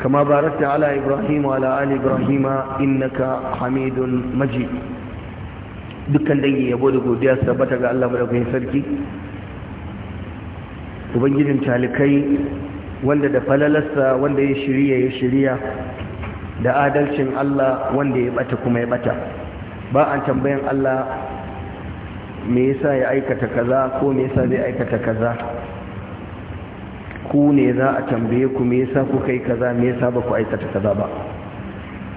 كما باركت على إبراهيم وعلى آل إبراهيم إنك حميد مجيد dukkan dangi yabo da godiya sabbata ga Allah madaukakin sarki ubangijin talikai wanda da falalarsa wanda ya shirya ya shirya da adalcin Allah wanda ya bata kuma ya bata ba an tambayan Allah me yasa ya aikata kaza ko me yasa zai aikata kaza ku ne za a tambaye ku me yasa kuka yi kaza me yasa ba ku aikata kaza ba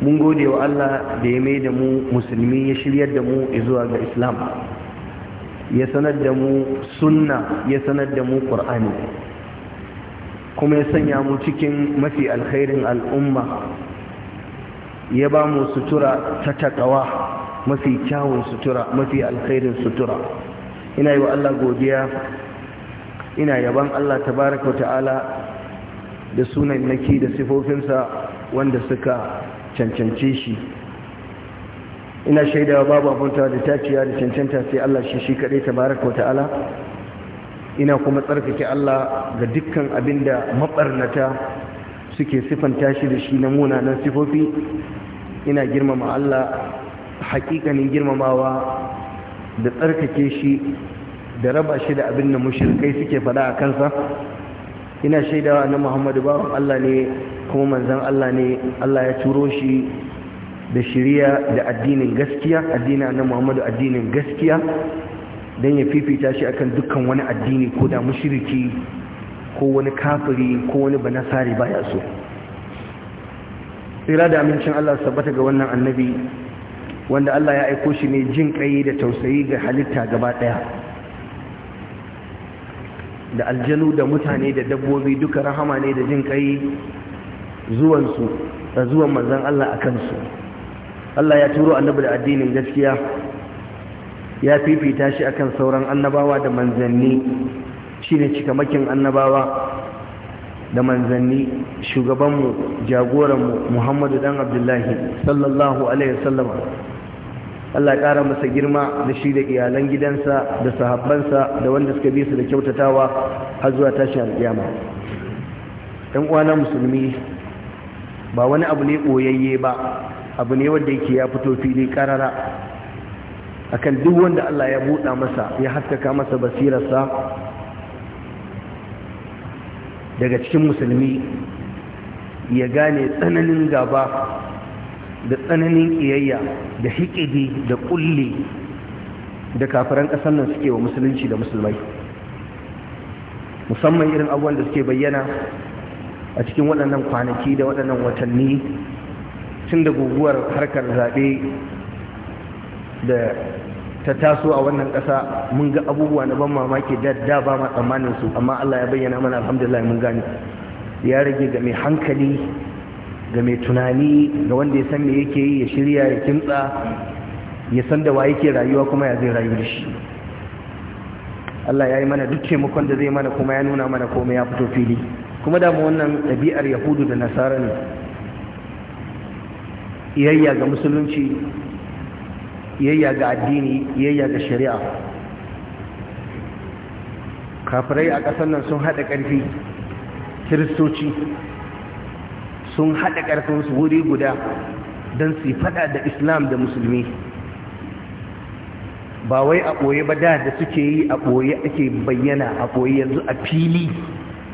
mun gode wa Allah da ya mai da mu musulmi ya shiryar da mu zuwa ga Islam ya sanar da mu sunna ya sanar da mu Qur'ani kuma ya sanya mu cikin mafi alkhairin al'umma ya ba mu sutura ta takawa mafi kyawun sutura mafi alkhairin sutura ina yi wa Allah godiya ina yaban Allah tabaraka wa ta'ala da sunan naki da sifofinsa wanda suka cancance shi ina shaidawa babu abunta da taciya da cancanta sai Allah shi shi kaɗai tabaraka wa ta'ala ina kuma tsarkake Allah ga dukkan abin da maɓarnata suke siffanta shi da shi na munanan sifofi ina girmama Allah hakikanin girmamawa da tsarkake shi da raba shi da abin da mushirkai suke fada a kansa ina shaidawa na muhammadu bawan allah ne kuma manzan allah ne allah ya turo shi da shiriya da addinin gaskiya addinin na muhammadu addinin gaskiya don ya fifita shi akan dukkan wani addini ko da mushirki ko wani kafiri ko wani banasari baya so tsira da amincin allah sabbata ga wannan annabi wanda allah ya aiko shi ne jin kai da tausayi ga halitta gaba ɗaya da aljanu da mutane da dabbobi duka rahama ne da jin kai zuwansu da zuwan manzan Allah a kansu Allah ya turo annabi da addinin gaskiya ya fifita shi akan sauran annabawa da manzanni shine cikamakin annabawa da manzanni shugabanmu jagoranmu Muhammadu dan Abdullahi sallallahu alaihi wasallam Allah ya ƙara masa girma da shi da iyalan gidansa da sahabbansa da wanda suka bi su da kyautatawa har zuwa tashi alƙiyama ɗan uwana musulmi ba wani abu ne ɓoyayye ba abu ne wanda yake ya fito fili ƙarara akan duk wanda Allah ya buɗa masa ya haskaka masa basirarsa daga cikin musulmi ya gane tsananin gaba da tsananin kiyayya da hikidi da ƙulle, da kafiran ƙasar nan suke wa musulunci da musulmai musamman irin abubuwan da suke bayyana a cikin waɗannan kwanaki da waɗannan watanni tun da guguwar harkar zaɓe da ta taso a wannan ƙasa mun ga abubuwa na ban mamaki da da ba ma tsammanin su amma Allah ya bayyana mana alhamdulillah mun gani ya rage ga mai hankali ga mai tunani ga wanda ya san me yake yi ya shirya ya kimtsa ya san da wa yake rayuwa kuma ya zai rayu da shi Allah ya yi mana duk taimakon da zai mana kuma ya nuna mana komai ya fito fili kuma da mu wannan ɗabi'ar yahudu da nasara ne iyayya ga musulunci iyayya ga addini iyayya ga shari'a kafirai a ƙasar nan sun haɗa ƙarfi kiristoci sun haɗa ƙarfinsu wuri guda don su faɗa da islam da musulmi ba wai a ɓoye ba da da suke yi a ɓoye ake bayyana a ɓoye yanzu a fili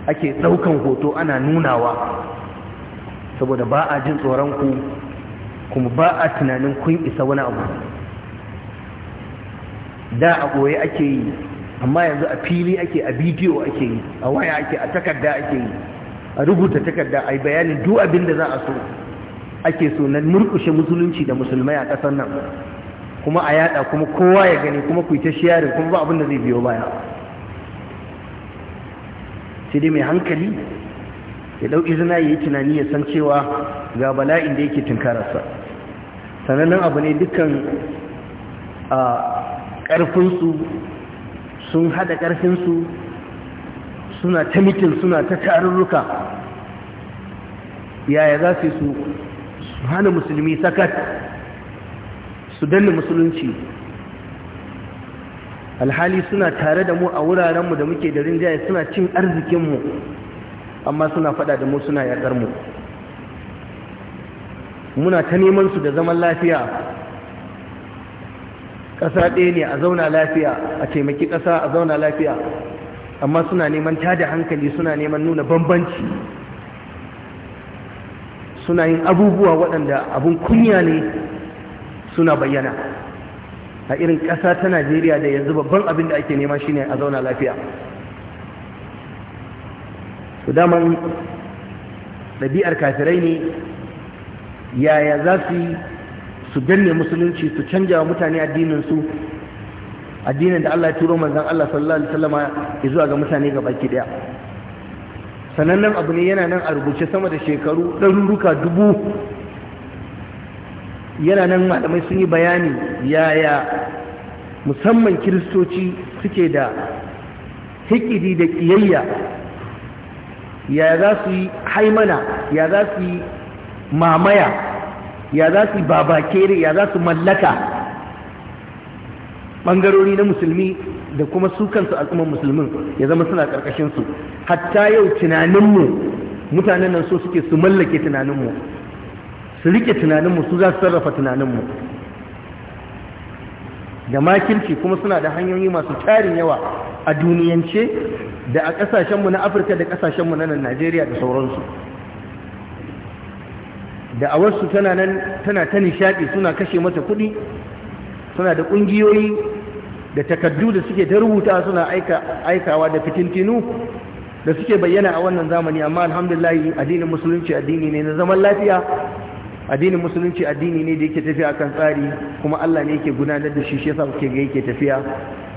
ake ɗaukan hoto ana nunawa saboda ba a jin tsoron ku kuma ba a tunanin kun isa wani abu da a ɓoye ake yi amma yanzu a fili ake a bidiyo ake yi a waya ake a takarda ake yi a rubuta takarda a bayani bayanin duk abin da za a so ake so na murkushe musulunci da musulmai a ƙasar nan kuma a yada kuma kowa ya gani kuma ku yi ta kuma ba abin da zai biyo baya sai dai mai hankali ya ɗau izina ya yi tunani ya san cewa ga bala'in da yake tunkararsa sanannen abu ne dukkan a ƙarfinsu sun haɗa ƙarfinsu suna ta mitin suna ta tarurruka yaya za su su hana musulmi sakat su danna musulunci alhali suna tare da mu a wurarenmu da muke da rinjaye suna cin arzikinmu amma suna fada da mu suna yaƙar mu muna ta neman su da zaman lafiya ƙasa ɗaya ne a zauna lafiya a taimaki ƙasa a zauna lafiya amma suna neman tada hankali suna neman nuna bambanci suna yin abubuwa waɗanda abin kunya ne suna bayyana a irin ƙasa ta najeriya da yanzu babban abin da ake nema shine a zauna lafiya su daman ɗabi'ar kafirai ne yaya za su yi su danne musulunci su canja wa mutane addininsu addinin da Allah ya turo manzon Allah sallallahu alaihi wasallam ya zuwa ga mutane ga baki daya sanannen abu ne yana nan a rubuce sama da shekaru ɗaruruka dubu yana nan malamai sun yi bayani yaya musamman kiristoci suke da hikidi da kiyayya, ya za su yi haimana ya za su yi mamaya ya za su yi babakere ya za su mallaka bangarori na musulmi da kuma su kansu al'ummar musulmin ya zama suna karkashin su hatta yau tunaninmu mutanen nan so suke su mallake tunaninmu su rike tunaninmu su za su sarrafa tunaninmu da makirci kuma suna da hanyoyi masu tarin yawa a duniyance da a kasashenmu na afirka da kasashenmu na najeriya da sauransu da awarsu tana nan tana ta nishaɗi suna kashe mata kuɗi suna da ƙungiyoyi da takaddu da suke ta rubuta suna aikawa da fitintinu da suke bayyana a wannan zamani amma alhamdulillah addinin musulunci addini ne na zaman lafiya addinin musulunci addini ne da yake tafiya kan tsari kuma Allah ne yake gudanar da shi shi yasa kuke ga yake tafiya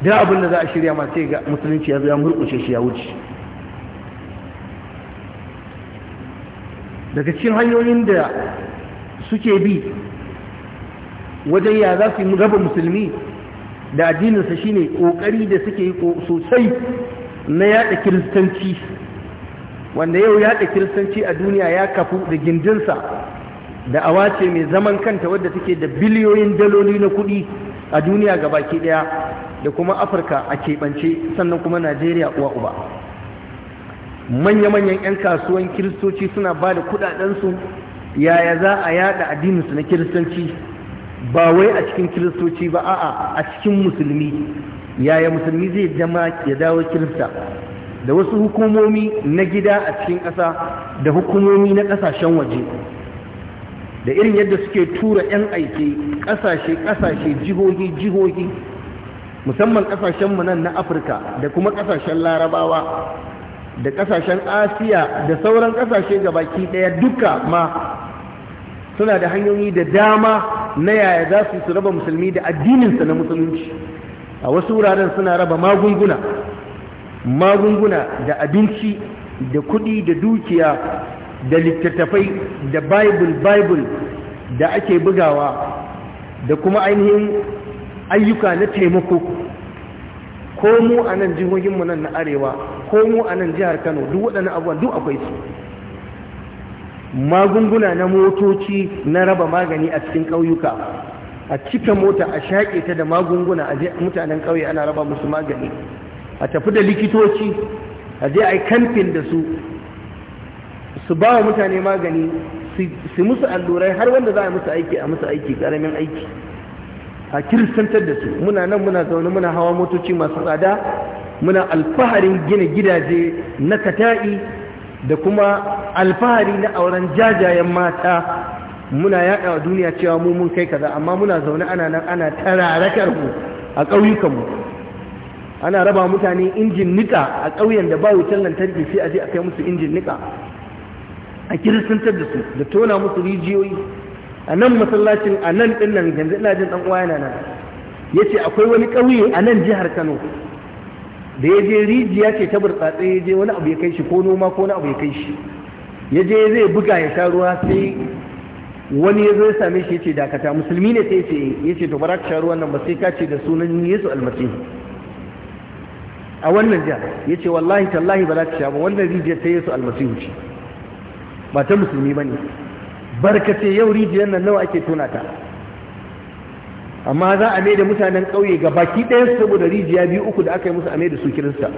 da abin da za a shirya ma sai ga musulunci ya zo ya murƙushe shi ya wuce daga cikin hanyoyin da suke bi wajen ya za su raba musulmi da addininsa shine kokari da suke yi sosai na yada kiristanci wanda yau yada kiristanci a duniya ya kafu da gindinsa da awace mai zaman kanta wadda take da biliyoyin daloli na kuɗi a duniya ga baki ɗaya da kuma afirka a keɓance sannan kuma najeriya uwa uba manya-manyan 'yan kasuwan kiristoci suna ba da kuɗaɗensu yaya za a yada addininsu na kiristanci ba wai a cikin kiristoci ba a'a a cikin musulmi yaya musulmi zai zama ya dawo kirista da wasu hukumomi na gida a cikin ƙasa da hukumomi na ƙasashen waje da irin yadda suke tura 'yan aiki ƙasashe ƙasashe jihohi jihohi musamman ƙasashen nan na afirka da kuma ƙasashen larabawa da ƙasashen asiya da sauran ƙasashe gabaki ɗaya duka ma suna da hanyoyi da dama na yaya za su su raba musulmi da addininsa na musulunci a wasu wuraren suna raba magunguna magunguna da abinci da kuɗi da dukiya da littattafai da bible bible da ake bugawa da kuma ainihin ayyuka na taimako ko mu a nan jihohinmu nan na arewa ko mu a nan jihar kano duk waɗannan abubuwan duk akwai su magunguna na motoci na raba magani a cikin ƙauyuka a cika mota a shaƙe ta da magunguna a mutanen ƙauye ana raba musu magani a tafi da likitoci a je a yi kamfin da su su ba wa mutane magani su musu allurai har wanda za a musu aiki a musu aiki ƙaramin aiki a kiristantar da su muna nan muna zaune muna hawa motoci masu tsada muna alfaharin gina gidaje na kata'i da kuma alfahari na auren jajayen mata muna yaɗa duniya cewa mu mun kai kaza amma muna zaune ana nan ana tararakar mu a ƙauyukanmu ana raba mutane injin nika a ƙauyen da ba wutar lantarki sai a je a kai musu injin nika a kiristantar da su da tona musu rijiyoyi a nan masallacin a nan ɗin nan yanzu ina jin ɗan uwa yana nan ya ce akwai wani ƙauye a nan jihar kano da ya je rijiya ce ta burtsatse ya je wani abu ya kai shi ko noma ko wani abu ya kai shi ya je zai buga ya sha ruwa sai wani ya zo ya same shi ya ce dakata musulmi ne sai ya ce to ba ka sha ruwan nan ba sai ka ce da sunan yesu almasihu a wannan jiha ya ce wallahi tallahi ba za ka sha ba wannan rijiyar ta yesu almasihu ce ba ta musulmi ba ne barkace yau rijiyar nan nawa ake tona ta amma za a mai da mutanen ƙauye ga baki ɗaya saboda rijiya biyu uku da aka yi musu a mai da su kirista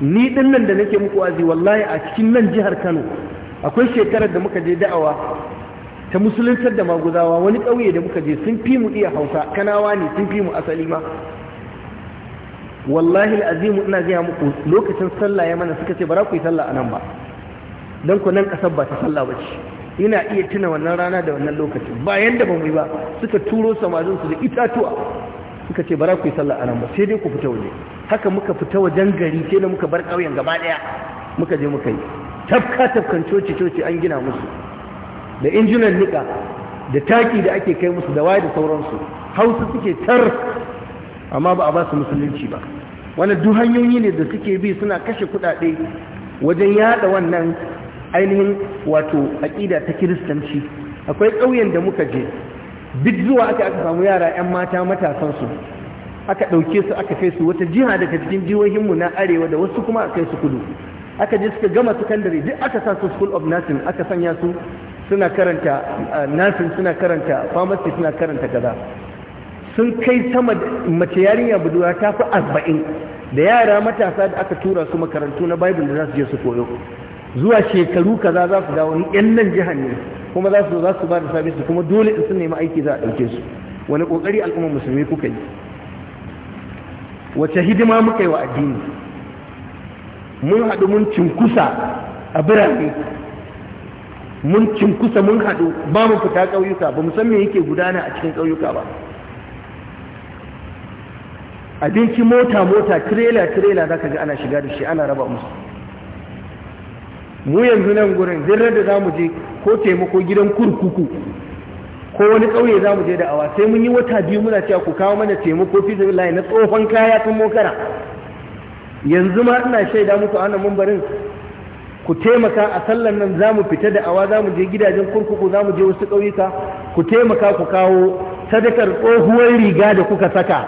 ni ɗin nan da nake muku wazi wallahi a cikin nan jihar kano akwai shekarar da muka je da'awa ta musuluntar da maguzawa wani ƙauye da muka je sun fi mu iya hausa kanawa ne sun fi mu asali ma wallahi azimu ina gaya muku lokacin sallah ya mana suka ce bara ku yi sallah a nan ba don ku nan ƙasar ba ta sallah ba ce ina iya tuna wannan rana da wannan lokaci ba yanda ba mu ba suka turo samarin su da itatuwa suka ce bara ku yi sallah a nan ba sai dai ku fita waje haka muka fita wajen gari sai da muka bar ƙauyen gaba ɗaya muka je muka yi tafka tafkan coci coci an gina musu da injinan nika da taki da ake kai musu da waye da sauransu hausa suke tar amma ba a ba su musulunci ba wani duk hanyoyi ne da suke bi suna kashe kuɗaɗe wajen yada wannan ainihin wato aƙida ta kiristanci akwai ƙauyen da muka je duk zuwa aka aka samu yara 'yan mata matasansu aka ɗauke su aka kai su wata jiha daga cikin jihohinmu na arewa da wasu kuma a kai su kudu aka je suka gama sakandare duk aka sa su school of nursing aka sanya su suna karanta nursing suna karanta pharmacy suna karanta kaza sun kai sama mace yarinya budura ta fi arba'in da yara matasa da aka tura su makarantu na bible da za su je su koyo zuwa shekaru kaza za su dawo ni yan nan jihar ne kuma za su za su ba da sabis kuma dole in sun nemi aiki za a ɗauke su wani ƙoƙari al'ummar musulmi kuka yi wace hidima muka yi wa addini mun haɗu mun cinkusa a birane mun cinkusa mun haɗu ba mu fita ƙauyuka ba mu san yake gudana a cikin ƙauyuka ba abinci mota mota tirela tirela za ka ji ana shiga da shi ana raba musu mu yanzu nan gurin zirar da za mu je ko taimako gidan kurkuku ko wani ƙauye za mu je da awa sai mun yi wata biyu muna cewa ku kawo mana taimako fi zai na tsohon kaya tun mokara yanzu ma ina shaida muku a nan barin ku taimaka a sallan nan za mu fita da awa za mu je gidajen kurkuku za mu je wasu ƙauyuka ku taimaka ku kawo sadakar tsohuwar riga da kuka saka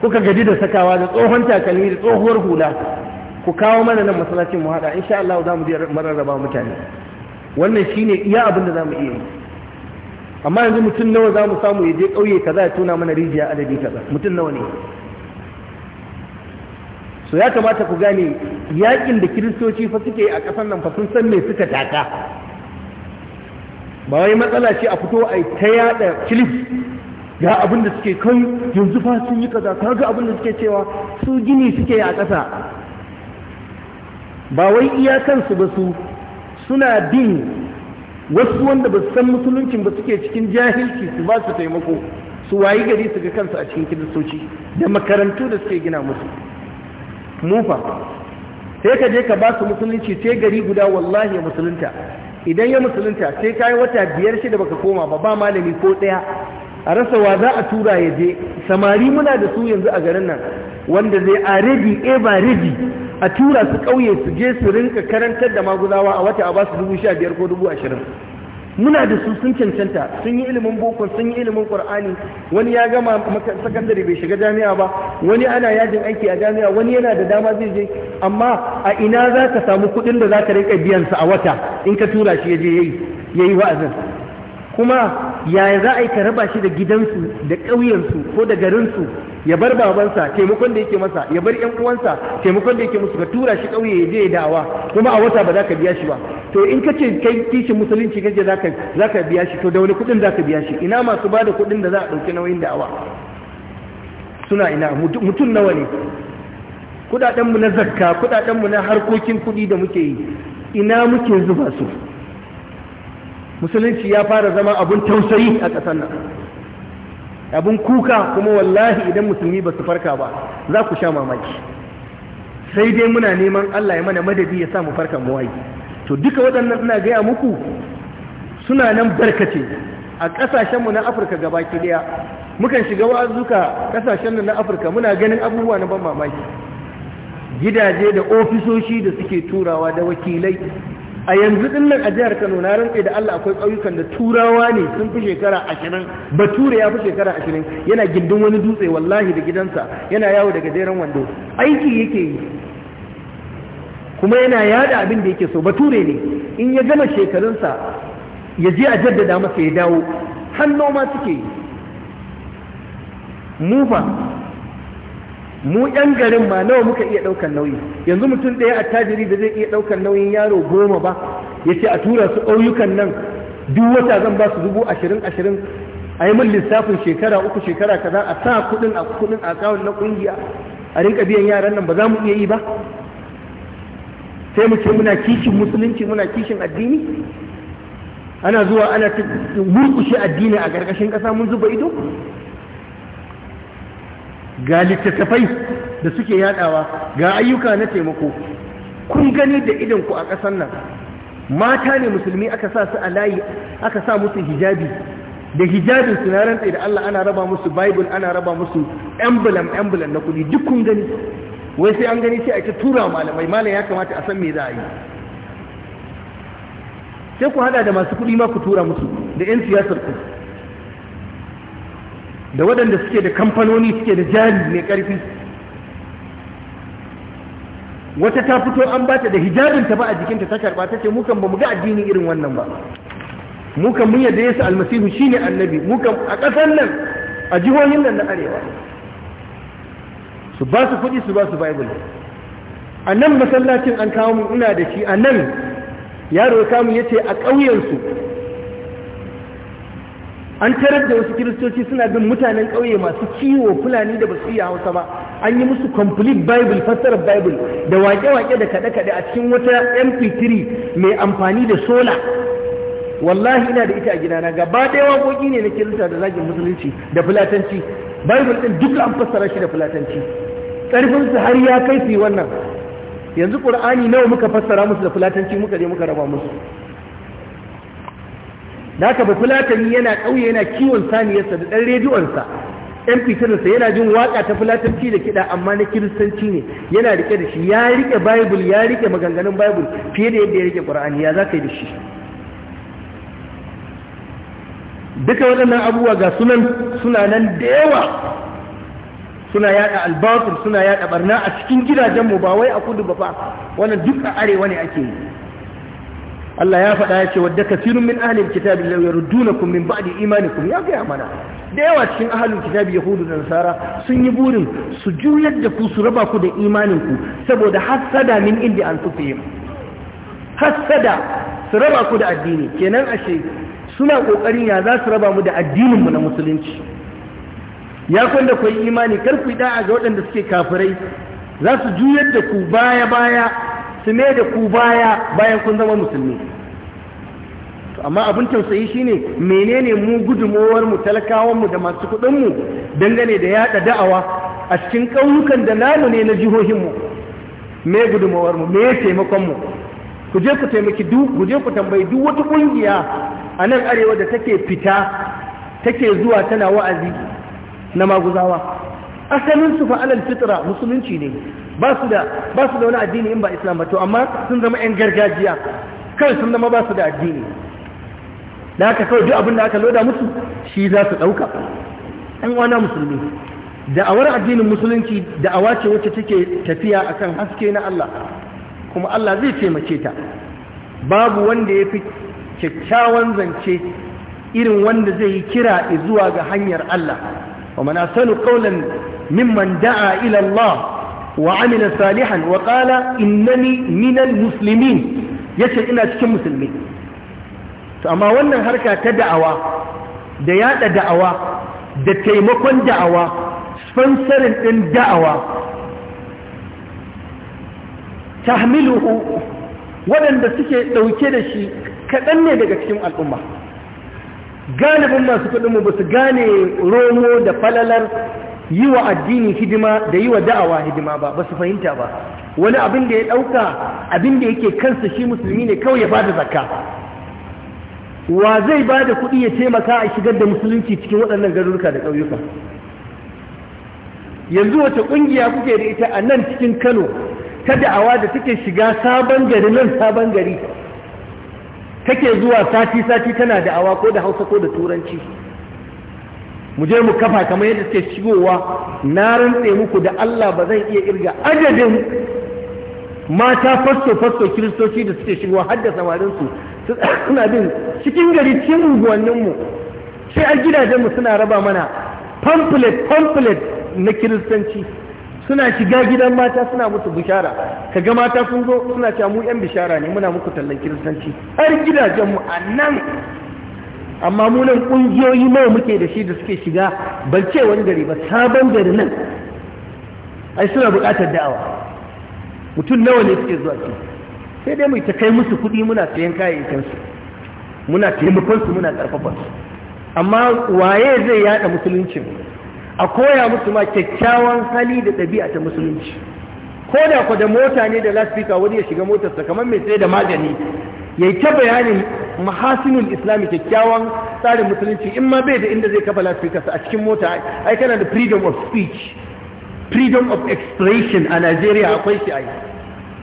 kuka gaji da sakawa da tsohon takalmi da tsohuwar hula ku kawo mana nan masalacin mu hada insha Allah za mu je mararraba mutane wannan shine iya abin da zamu iya amma yanzu mutum nawa zamu samu ya je ƙauye kaza ya tona mana rijiya adadi kaza mutum nawa ne so ya kamata ku gane yakin da kiristoci fa suke a ƙasar nan fa sun san me suka taka ba wai matsala ce a fito a ta yada kilif ga abin da suke kai yanzu fa sun yi kaza kaga abin da suke cewa su gini suke a ƙasa ba wai iyakansu ba su suna bin wasu wanda ba su san musuluncin ba suke cikin jahilci su ba su taimako su wayi gari su ga kansu a cikin kiristoci da makarantu da suke gina musu mufa sai ka je ka ba su musulunci sai gari guda wallahi ya musulunta idan ya musulunta sai ka yi wata biyar shida baka koma ba ba malami ko ɗaya a rasa wa za a tura ya je samari muna da su yanzu a garin nan wanda zai a ready a ba ready a tura su ƙauye su je su rinka karantar da maguzawa a wata a ba su dubu sha biyar ko dubu ashirin muna da su sun cancanta sun yi ilimin boko sun yi ilimin qur'ani wani ya gama sakandare bai shiga jami'a ba wani ana yajin aiki a jami'a wani yana da dama zai je amma a ina za ka samu kuɗin da za ka rinka biyan su a wata in ka tura shi ya je yayi yayi wa'azin kuma yaya za a yi ka raba shi da gidansu da ƙauyensu ko da garinsu ya bar babansa taimakon da yake masa ya bar yan uwansa taimakon da yake musu ka tura shi kauye ya je ya dawa kuma a wata ba za ka biya shi ba to in ka ce kai kishin musulunci kace za ka za ka biya shi to da wani kuɗin za ka biya shi ina masu ba da kuɗin da za a ɗauki nauyin da'awa suna ina mutum nawa ne kuɗaɗenmu na zakka kuɗaɗenmu na harkokin kuɗi da muke yi ina muke zuba su musulunci ya fara zama abun tausayi a ƙasar nan abin kuka kuma wallahi idan musulmi ba su farka ba za ku sha mamaki sai dai muna neman Allah ya mana madadi ya sa mu farka mu waye to duka waɗannan ina gaya muku suna nan barkace a ƙasashenmu na Afirka gabaki daya mukan shiga wa'azuka ƙasashen na Afirka muna ganin abubuwa na ban mamaki gidaje da ofisoshi da suke turawa da wakilai a yanzu din nan a jihar Kano na rantse da Allah akwai ƙauyukan da turawa ne sun fi shekara 20 bature ya fi shekara 20 yana gindin wani dutse wallahi da gidansa yana yawo daga jeren wando aiki yake yi kuma yana yada abin da yake so bature ne in ya gama shekarunsa ya je a jaddada masa ya dawo hannoma suke yi mufa mu yan garin ma nawa muka iya ɗaukar nauyi yanzu mutum ɗaya attajiri da zai iya ɗaukar nauyin yaro goma ba ya ce a tura su ƙauyukan nan duk wata zan ba su dubu ashirin ashirin a yi min lissafin shekara uku shekara kaza a sa kuɗin a kuɗin a kawon na ƙungiya a rinka biyan yaran nan ba za mu iya yi ba sai mu ce muna kishin musulunci muna kishin addini ana zuwa ana murkushe addini a ƙarƙashin ƙasa mun zuba ido ga littattafai da suke yadawa ga ayyuka na taimako kun gani da idanku a ƙasar nan mata ne musulmi aka sa su a layi aka sa musu hijabi da hijabin su na rantsa da Allah ana raba musu bible ana raba musu emblem emblem na kudi duk kun gani wai sai an gani sai a ta tura malamai malam ya kamata a san me za a yi sai ku hada da masu kudi ma ku tura musu da yan siyasar ku da waɗanda suke da kamfanoni suke da jari mai ƙarfi wata ta fito an bata da hijabin ta ba a jikinta ta karɓa ta ce mukan ba mu ga addini irin wannan ba mukan mun yadda yesu almasihu shine annabi mukan a ƙasar nan a jihohin nan na arewa su ba su kuɗi su ba su bible a nan masallacin an kawo mu ina da shi a nan yaro ya kamu ya ce a ƙauyensu an tarar da wasu kiristoci suna bin mutanen ƙauye masu ciwo, fulani da basu iya hausa ba an yi musu complete bible fassara bible da waƙe-waƙe da kaɗe-kaɗe a cikin wata mp3 mai amfani da sola wallahi ina da ita a gidana gaba ɗaya waƙoƙi ne na kirista da zagin musulunci da fulatanci bible ɗin duk an fassara shi da fulatanci su har ya kai su wannan yanzu ƙur'ani nawa muka fassara musu da fulatanci muka je muka raba musu da haka ba fulatani yana ƙauye yana kiwon saniyarsa da ɗan rediyonsa ɗan fitilarsa yana jin waƙa ta fulatanci da kiɗa amma na kiristanci ne yana riƙe da shi ya riƙe bible ya riƙe maganganun bible fiye da yadda ya riƙe ƙur'ani ya za ka yi da shi duka waɗannan abubuwa ga sunan suna nan da yawa suna yaɗa albatul suna yaɗa barna a cikin gidajenmu ba wai a kudu ba fa wannan duk a arewa ne ake yi Allah ya faɗa ya ce wadda kasirun min ahalin kitabi law yardunakum min ba'di imanikum ya ga mana da yawa cikin ahalin kitabi yahudu da nasara sun yi burin su juyar da ku su raba ku da imanin ku saboda hasada min indi an tufihim hasada su raba ku da addini kenan ashe suna kokarin ya za su raba mu da addinin mu na musulunci ya kwanda ku imani kar ku da'a ga waɗanda suke kafirai za su juyar da ku baya baya su da ku baya bayan kun zama musulmi amma abin tausayi shine menene mu gudumowar mu talakawan mu da masu kuɗin mu dangane da yada da'awa a cikin ƙauyukan da namu ne na jihohin mu me gudumowar mu me taimakon mu ku je ku taimaki duk ku je ku tambayi duk wata kungiya a nan arewa da take fita take zuwa tana wa'azi na maguzawa asalin su fa alal fitra musulunci ne ba su da wani addini in ba islam ba to amma sun zama yan gargajiya kai sun zama ba su da addini da haka kawai duk abin da aka loda musu shi za su ɗauka ɗan wana musulmi da'awar addinin musulunci da'awa ce wacce take tafiya akan haske na Allah kuma Allah zai taimake ta babu wanda ya fi kyakkyawan zance irin wanda zai yi kira zuwa ga hanyar Allah wa mana sanu qawlan mimman da'a ila Allah وعمل صالحا وقال إنني من المسلمين yace ina cikin musulmi to amma wannan harka ta da'awa da yada da'awa da taimakon da'awa sponsorin ɗin da'awa tahmiluhu waɗanda suke ɗauke da shi kaɗan ne daga cikin al'umma galibin masu kuɗinmu ba su gane romo da falalar yi wa addini hidima da yi wa da'awa hidima ba ba su fahimta ba wani abin da ya ɗauka abin da yake kansa shi musulmi ne kawai ya ba da zakka wa zai ba da kuɗi ya taimaka a shigar da musulunci cikin waɗannan garuruka da ƙauyuka yanzu wace ƙungiya kuke da ita a nan cikin kano ta da'awa da take shiga sabon gari nan sabon gari take zuwa sati-sati tana da'awa ko da hausa ko da turanci mu je mu kafa kamar yadda suke shigowa na rantse muku da Allah ba zan iya irga adadin mata fasto fasto kiristoci da suke shigowa har da samarinsu suna bin cikin gari cikin unguwanninmu sai a gidajenmu suna raba mana pamphlet pamphlet na kiristanci suna shiga gidan mata suna musu bishara kaga mata sun zo suna cewa mu yan bishara ne muna muku tallan kiristanci har gidajenmu a nan amma munan ƙungiyoyi nawa muke da shi da suke shiga ban ce wani gari ba sabon gari nan ai suna buƙatar da'awa mutum nawa ne suke zuwa ciki sai dai mai ta kai musu kuɗi muna sayan kayayyakinsu muna taimakonsu muna ƙarfafansu amma waye zai yada musuluncin a koya musu ma kyakkyawan hali da ɗabi'a ta musulunci ko da ku da mota ne da laspika wani ya shiga motarsa kamar mai sai da magani ya yi ta bayanin mahasinul islami kyakkyawan tsarin musulunci in ma bai da inda zai kafa lafiyarsa a cikin mota ai kana da freedom of speech freedom of expression a Najeriya akwai shi ai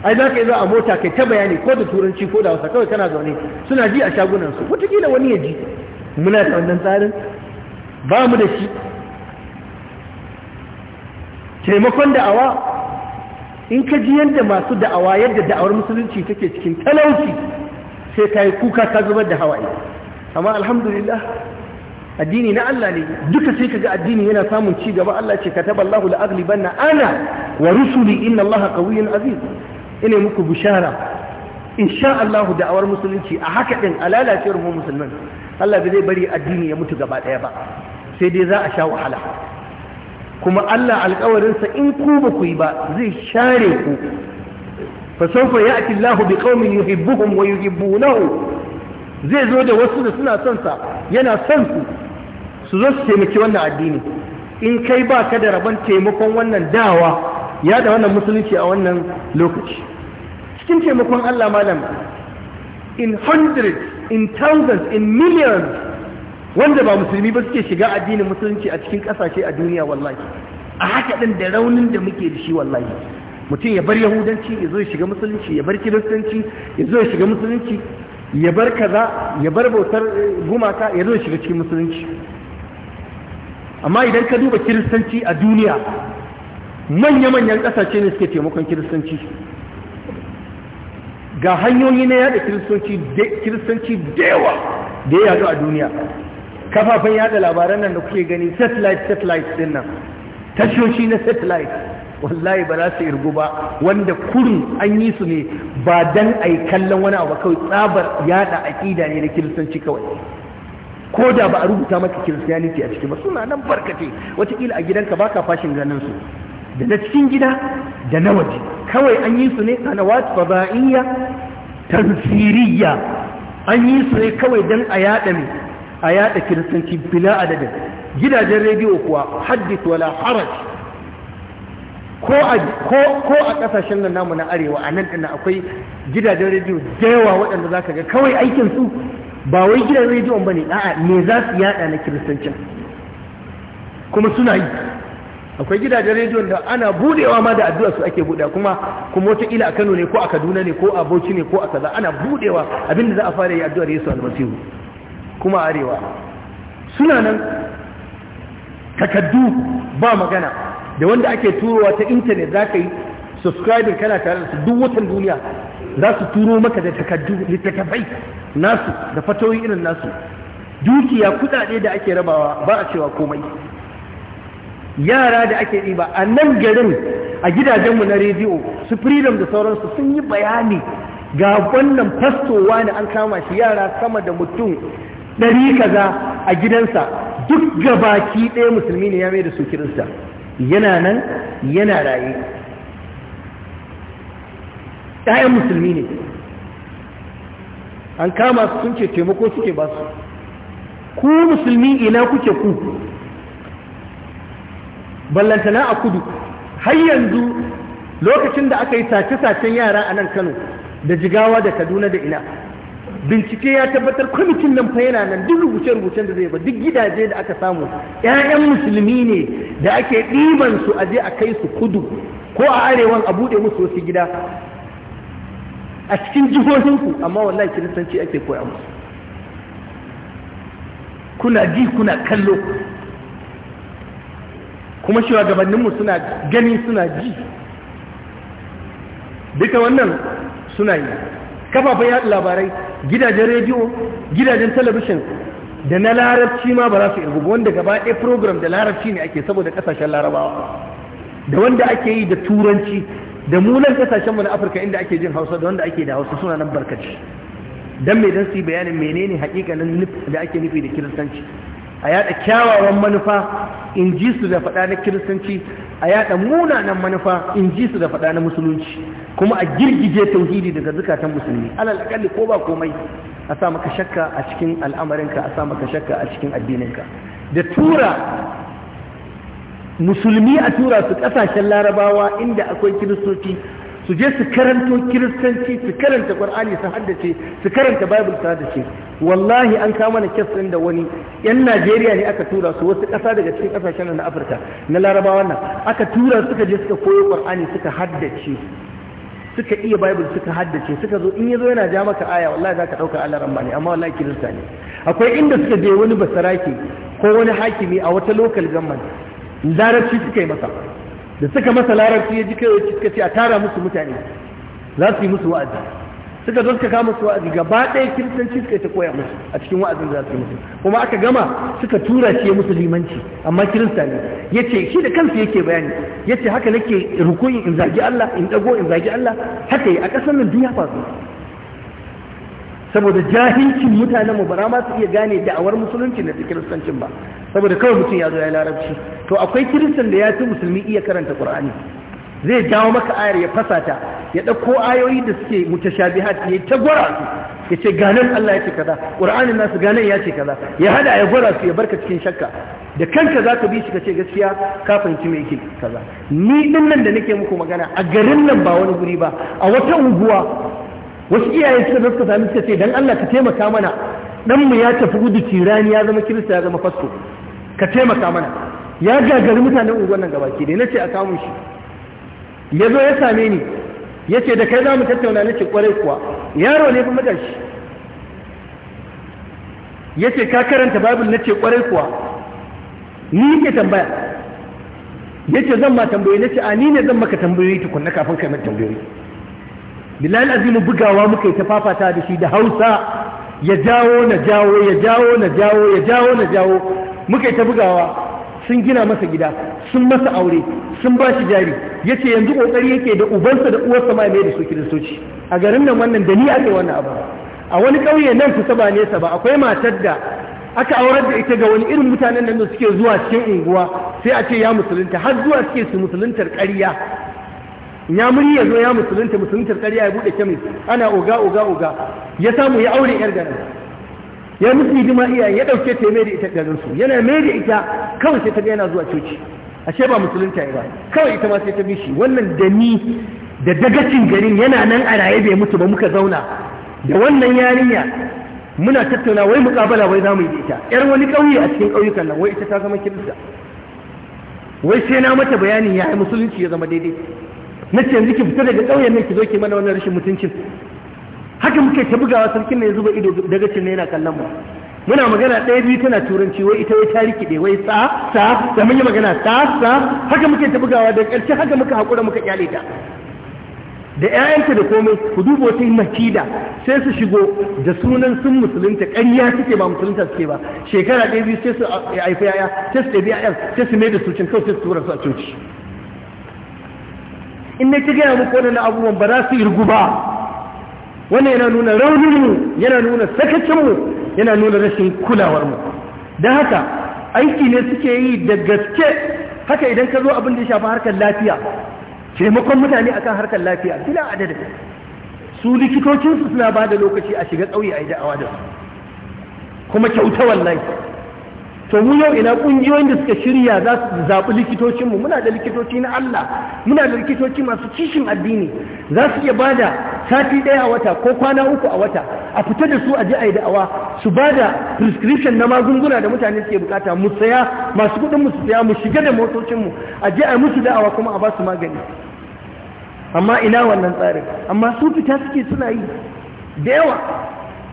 ai za ka yi za a mota kai ta bayani ko da turanci ko da wasa kawai kana zaune suna ji a shagunansu wataƙila wani ya ji muna da wannan tsarin ba mu da shi taimakon da'awa in ka ji yadda masu da'awa yadda da'awar musulunci take cikin talauci sai ka yi kuka ka zubar da hawaye amma alhamdulillah addini na Allah ne duka sai kaga addini yana samun ci gaba Allah ce kataba Allahu la aghlibanna ana wa rusuli inna Allaha qawiyyun aziz ina muku bishara insha Allah da'awar musulunci a haka din alalacewar mu musulman Allah bai zai bari addini ya mutu gaba daya ba sai dai za a sha wahala kuma Allah alƙawarinsa in ku ba ku yi ba zai share ku فسوف يأتي الله بقوم يحبهم ويحبونه zai zo da wasu da suna sonsa, yana son su su su taimaki wannan addini in kai ba ka da rabon taimakon wannan dawa ya wannan musulunci a wannan lokaci cikin taimakon Allah malam in hundreds in thousands in millions wanda ba musulmi ba suke shiga addinin musulunci a cikin kasashe a duniya wallahi a haka din da raunin da muke da shi wallahi mutum ya bar yahudanci ya zo ya shiga musulunci ya bar kiristanci ya zo ya shiga musulunci ya bar kaza ya bar bautar eh, gumaka ya zo ya shiga cikin musulunci amma idan ka duba kiristanci a duniya manya-manyan ƙasashe ne suke taimakon kiristanci ga hanyoyi na yada kiristanci da yawa da ya yadu a duniya kafafen yada labaran nan da kuke gani satellite satellite din nan tashoshi na satellite wallahi ba za su irgu ba wanda kurin an yi su ne ba dan a yi kallon wani abu kawai tsabar yada aƙida ne na kiristanci kawai ko da ba a rubuta maka kiristiyaniti a ciki ba suna nan barkate wataƙila a gidanka ba ka fashin ganin su da na cikin gida da na waje kawai an yi su ne kanawat fada'iyya tafsiriyya an yi su ne kawai dan a yada ne a yada kiristanci bila adadin gidajen rediyo kuwa haddith wala haraj ko a kasashen nan namu na arewa a nan ɗin akwai gidajen rediyo da yawa waɗanda za ka ga kawai aikin su ba wai gidan rediyon ba ne a'a me za su yada na kiristancin kuma suna yi akwai gidajen rediyon da ana budewa ma da addu'a su ake budewa kuma kuma wata ila a Kano ne ko a Kaduna ne ko a Bauchi ne ko a kaza ana budewa abinda za a fara yi addu'a da Yesu almasihu kuma arewa suna nan takaddu ba magana da wanda ake turowa ta intanet za ka yi subscribing kana tare da su duk watan duniya za su turo maka da takabai nasu da fatoyi irin nasu dukiya kudade da ake rabawa ba a cewa komai yara da ake ɗiba a nan garin a gidajenmu na rediyo su freedom da sauransu sun yi bayani ga wannan fastowa na an kama shi yara sama da mutum ɗari kaza a gidansa duk gabaki ɗaya musulmi ne ya mai da su kirista yana nan yana raye ɗayan musulmi ne an kama su sun ce taimako suke ba su ku musulmi ina kuke ku ballantana a kudu har yanzu lokacin da aka yi sace-sacen yara a nan kano da jigawa da kaduna da ina bincike ya tabbatar kwamitin nan fa yana nan duk rubuce-rubucen da zai ba duk gidaje da aka samu 'ya'yan musulmi ne da ake ɗiban su aje a kai su kudu ko a arewan a buɗe musu wasu gida a cikin jihohinku amma wallahi kiristanci ake koya musu kuna ji kuna kallo kuma shugabanninmu suna gani suna ji duka wannan suna yi kafafen yaɗa labarai gidajen rediyo gidajen talabishin da na larabci ma ba za su irgu wanda gaba ɗaya program da larabci ne ake saboda ƙasashen larabawa da wanda ake yi da turanci da munan ƙasashen mu na afirka inda ake jin hausa da wanda ake da hausa suna nan barkaci dan me dan su bayanin menene hakikanin da ake nufi da kiristanci a yada kyawawan manufa in ji su da faɗa na kiristanci a yada munanan manufa in ji su da faɗa na musulunci kuma a girgije tauhidi daga zukatan musulmi alal akalli ko ba komai a sa maka shakka a cikin al'amarinka a sa maka shakka a cikin addininka da tura musulmi a tura su kasashen larabawa inda akwai kiristoci su je su karanto kiristanci su karanta qur'ani su haddace su karanta bible su haddace wallahi an kama mana kes din da wani yan Najeriya ne aka tura su wasu ƙasa daga cikin ƙasashen na Afirka na Larabawa nan aka tura suka je suka koyo qur'ani suka haddace suka iya bible suka haddace suka zo in yazo yana ja maka aya wallahi zaka dauka Allah ramba ne amma wallahi kirista ne akwai inda suka je wani basarake ko wani hakimi a wata local government larabci suka yi masa da suka masa larabci ya ji kai suka ce a tara musu mutane za su yi musu wa'azi suka zo suka kama su wa'azi gaba ɗaya kiristanci suka ta koya musu a cikin wa'azin da za su yi musu kuma aka gama suka tura shi ya musu limanci amma kirista ne ya ce shi da kansu yake bayani ya ce haka nake rukunin in zagi Allah in ɗago in zagi Allah haka yi a ƙasar nan duniya ya saboda jahilcin mutanen mu bara ma iya gane da'awar musulunci na kiristancin ba saboda kawai mutum ya zo ya larabci to akwai kiristan da ya fi musulmi iya karanta qur'ani zai jawo maka ayar ya fasata ya ɗauko ayoyi da suke mutashabihat ya ta gwara su ya ce ganin Allah ya ce kaza ƙur'anin nasu ganin ya ce kaza ya hada ya gwara su ya barka cikin shakka da kanka za ka bi shi ka ce gaskiya ka fahimci mai yake kaza ni ɗin nan da nake muku magana a garin nan ba wani guri ba a wata unguwa wasu iyaye suka zo suka sami suka ce dan Allah ka taimaka mana dan mu ya tafi gudu tirani ya zama kirista ya zama fasto ka taimaka mana ya gagari mutanen unguwar nan gabaki da nace a kamun shi ya zo ya same ni yace da kai za mu tattauna nace kwarai kuwa yaro ne fa matashi yace ka karanta bible nace kwarai kuwa ni ke tambaya yace zan ma tambaye nace a ni ne zan maka tambayoyi tukunna kafin kai mata tambayoyi bilal azimu bugawa muka yi ta fafata da shi da hausa ya jawo na jawo ya jawo na jawo ya jawo na jawo muka yi ta bugawa sun gina masa gida sun masa aure sun ba shi jari ya ce yanzu ƙoƙari yake da ubansa da uwarsa ma mai da su kiristoci a garin nan wannan da ni ake wannan abu a wani ƙauye nan kusa ba nesa ba akwai matar da aka aurar da ita ga wani irin mutanen nan da suke zuwa cikin unguwa sai a ce ya musulunta har zuwa suke su musuluntar ƙarya ya muri ya zo ya musulunta musulunta ƙarya ya buɗe kemis ana oga oga oga ya samu ya aure yar garin ya musu hidima iya ya dauke ta mai da ita garin su yana mai da ita kawai sai ta ga yana zuwa coci ashe ba musulunta ya ba kawai ita ma sai ta bishi wannan da ni da dagacin garin yana nan a raye bai mutu ba muka zauna da wannan yarinya muna tattauna wai muƙabala wai za yi da ita yar wani kauye a cikin kauyukan nan wai ita ta zama kirista wai sai na mata bayani ya musulunci ya zama daidai na ce yanzu ki fita daga ƙauyen nan ki zo ki mana wannan rashin mutuncin haka muke ta bugawa sarkin ne ya zuba ido daga cin ne yana kallon mu muna magana ɗaya biyu tana turanci wai ita wai ta rikide wai sa sa da mun yi magana sa sa haka muke ta bugawa da ƙarshe haka muka haƙura muka kyale ta da ƴaƴanta da komai ku duba wata makida sai su shigo da sunan sun musulunta ƙarya suke ba musulunta suke ba shekara ɗaya biyu sai su haifi yaya sai su ɗabi yayan sai su mai da su cin kawai sai su tura su a coci in ne ki gaya muku waɗannan abubuwan ba za su irgu ba wannan yana nuna rauninmu yana nuna sakacinmu yana nuna rashin kulawarmu Da haka aiki ne suke yi da gaske haka idan ka zo abin da ya shafi harkar lafiya taimakon mutane akan harkar lafiya bila adadin su likitocinsu suna ba da lokaci a shiga ƙauye a yi da'awa da su kuma kyauta wallahi to mu yau ina kungiyoyin da suka shirya za su zaɓi likitocinmu muna da likitoci na Allah muna da likitoci masu kishin addini za su iya bada sati ɗaya a wata ko kwana uku a wata a fita da su a ji a yi da'awa su bada prescription na magunguna da mutane suke bukata mu saya masu kuɗin mu su saya mu shiga da motocinmu a je a musu da'awa kuma a ba su magani amma ina wannan tsarin amma su fita suke suna yi da yawa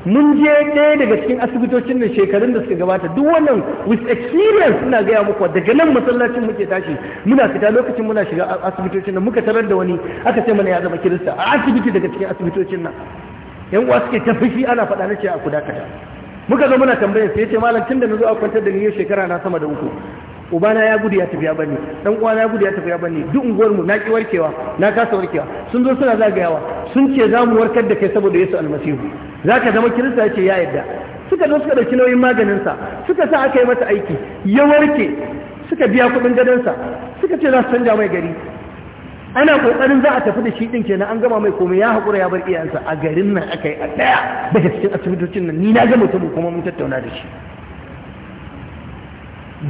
mun je ɗaya daga cikin asibitocin da shekarun da suka gabata duk wannan with experience suna gaya muku daga nan masallacin muke tashi muna fita lokacin muna shiga asibitocin nan muka tarar da wani aka ce mana ya zama kirista a asibiti daga cikin asibitocin nan yan uwa suke tafishi ana faɗa na ce a kuda kaza muka zo muna tambayar sai ce malam tun da na zo a kwantar da niyyar shekara na sama da uku ubana ya gudu ya tafiya bane dan uwa ya gudu ya tafiya bane duk unguwar mu na ki warkewa na kasa warkewa sun zo suna zagayawa sun ce za mu warkar da kai saboda Yesu almasihu za ka zama kirista ya ce ya yadda suka zo suka ɗauki nauyin maganinsa suka sa aka yi masa aiki ya warke suka biya kuɗin gadonsa suka ce za su canja mai gari ana ƙoƙarin za a tafi da shi ɗin kenan an gama mai komai ya haƙura ya bar iyayensa a garin nan aka yi a ɗaya daga cikin asibitocin nan ni na ga mutum kuma mun tattauna da shi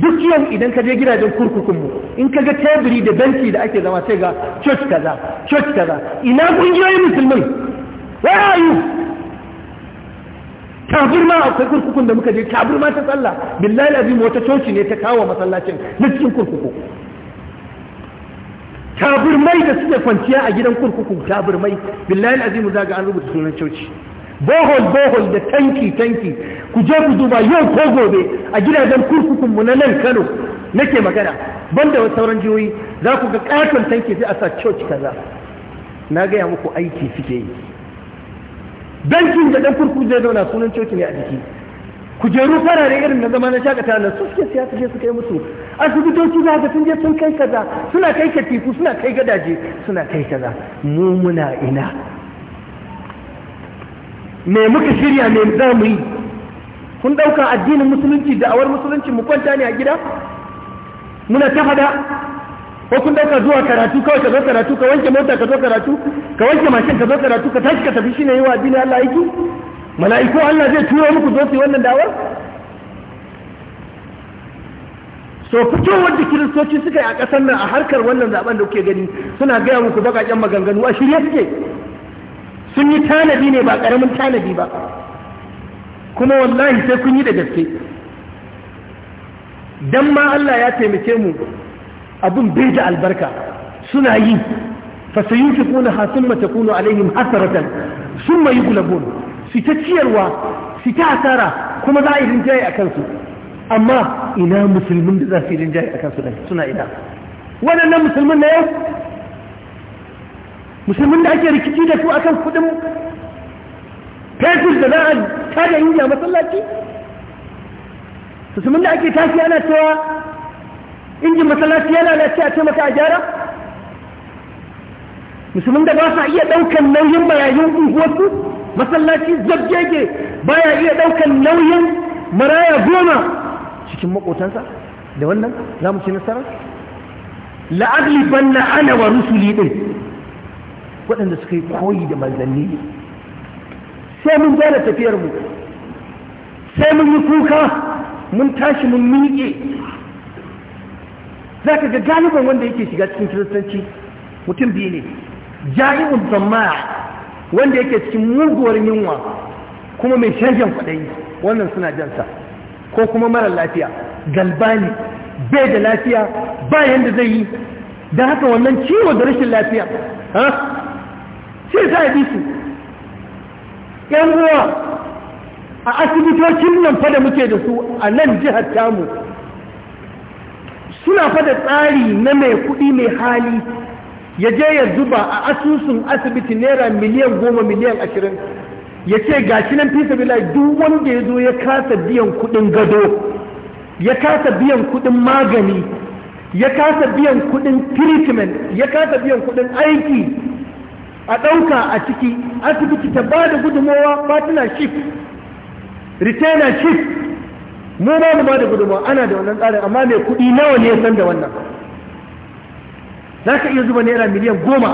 duk yau idan ka je gidajen kurkukun mu in ka ga teburi da banki da ake zama sai ga church kaza church kaza ina kungiyoyin musulmin where are kafir ma a akwai kurkukun da muka je kafir ma ta tsalla billahi azim wata coci ne ta kawo masallacin na cikin kurkuku kafir mai da suke kwanciya a gidan kurkuku kafir mai billahi azim za ga an rubuta sunan coci bohol bohol da tanki tanki ku je ku duba yau ko gobe a gidajen kurkukun mu na nan Kano nake magana banda wasu sauran jihohi za ku ga katon tanki sai a sa coci kaza na gaya muku aiki suke yi bankin da dan kurkuku zai zauna sunan coci ne a jiki kujeru farare irin na zama na shakata na su suke siya suke su kai musu asibitoci za ka sun je sun kai kaza suna kai katifu suna kai gadaje suna kai kaza mu muna ina me muka shirya me za mu yi kun ɗauka addinin musulunci da awar musulunci mu kwanta ne a gida muna ta hada ko kun dauka zuwa karatu kawai ka zo karatu ka wanke mota ka zo karatu ka wanke mashin ka zo karatu ka tashi ka tafi shine yi wa addini Allah aiki mala'iku Allah zai turo muku zo su yi wannan dawar so fito wanda kiristoci suka yi a ƙasar nan a harkar wannan zaben da kuke gani suna gaya muku baƙaƙen maganganu a shirye suke sun yi tanadi ne ba ƙaramin tanadi ba kuma wallahi sai kun yi da gaske dan ma Allah ya taimake mu abin bai da albarka suna yi fasayunfiquna hasumma takunu alaihim hasaratan summa yughlabun su ta ciyarwa su ta asara kuma za a yi rinjaye a kansu amma ina musulmin da za su yi rinjaye a kansu suna ina waɗannan musulmin na yau musulmin da ake rikici da su akan kudin fetur da za a tada indiya masallaci musulmin da ake tashi ana cewa injin masallaci yana na ce a ce maka a gyara musulmin da ba sa iya ɗaukan nauyin marayun unguwarsu masallaci zabgege baya iya ɗaukan nauyin maraya goma cikin makotansa da wannan za mu ci nasara la'adli banna ana wa rusuli ɗin waɗanda suka yi koyi da manzanni sai mun gyara tafiyarmu sai mun yi kuka mun tashi mun miƙe za ka ga galiban wanda yake shiga cikin kiristanci mutum biyu ne jami'un zamma wanda yake cikin muguwar yunwa kuma mai shanjan kwaɗayi wannan suna jansa ko kuma marar lafiya galbani bai da lafiya bayan da zai yi da haka wannan ciwo da rashin lafiya sai za a bisu su yan uwa a asibitocin nan fa muke da su a nan jihar tamu suna fada tsari na mai kuɗi mai hali ya je ya zuba a asusun asibiti naira miliyan goma miliyan ashirin ya ce ga shi nan fisa sabila duk wanda ya zo ya kasa biyan kuɗin gado ya kasa biyan kuɗin magani ya kasa biyan kuɗin treatment ya kasa biyan kuɗin aiki a ɗauka a ciki asibiti ta ba da gudunmowa retainer shif mu ma mu ba da gudunmawa ana da wannan tsarin amma mai kuɗi nawa ne ya san da wannan za ka iya zuba naira miliyan goma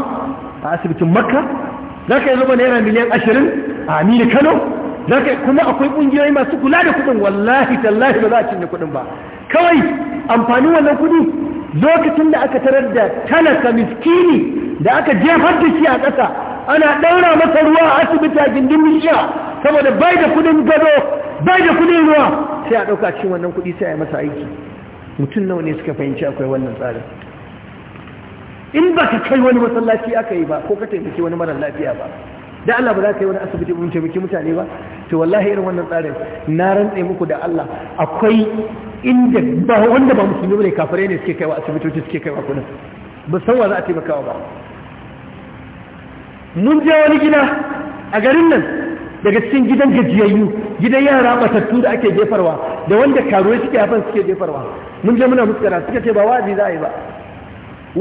a asibitin makka za ka iya zuba naira miliyan ashirin a amina kano za ka kuma akwai ƙungiyoyi masu kula da kuɗin wallahi tallahi ba za a cinye kuɗin ba kawai amfanin wannan kuɗi lokacin da aka tarar da talaka miskini da aka jefar da shi a ƙasa ana ɗaura masa ruwa a asibiti a gindin bishiya saboda bai da kuɗin gado bai da kuɗin ruwa sai a ɗauka cikin wannan kuɗi sai a yi masa aiki mutum nawa ne suka fahimci akwai wannan tsarin in ba ka kai wani masallaci aka yi ba ko ka taimaki wani mara lafiya ba da Allah ba za ka yi wani asibiti mun taimaki mutane ba to wallahi irin wannan tsarin na rantse muku da Allah akwai inda ba wanda ba musulmi ne kafare ne suke kaiwa asibitoci suke kaiwa kuɗin ba san wa za a taimakawa ba mun je wani gida a garin nan daga cikin gidan gajiyayyu gidan yara matattu da ake jefarwa da wanda karuwa suke hafan suke jefarwa mun je muna muskara suka ce ba wazi za a yi ba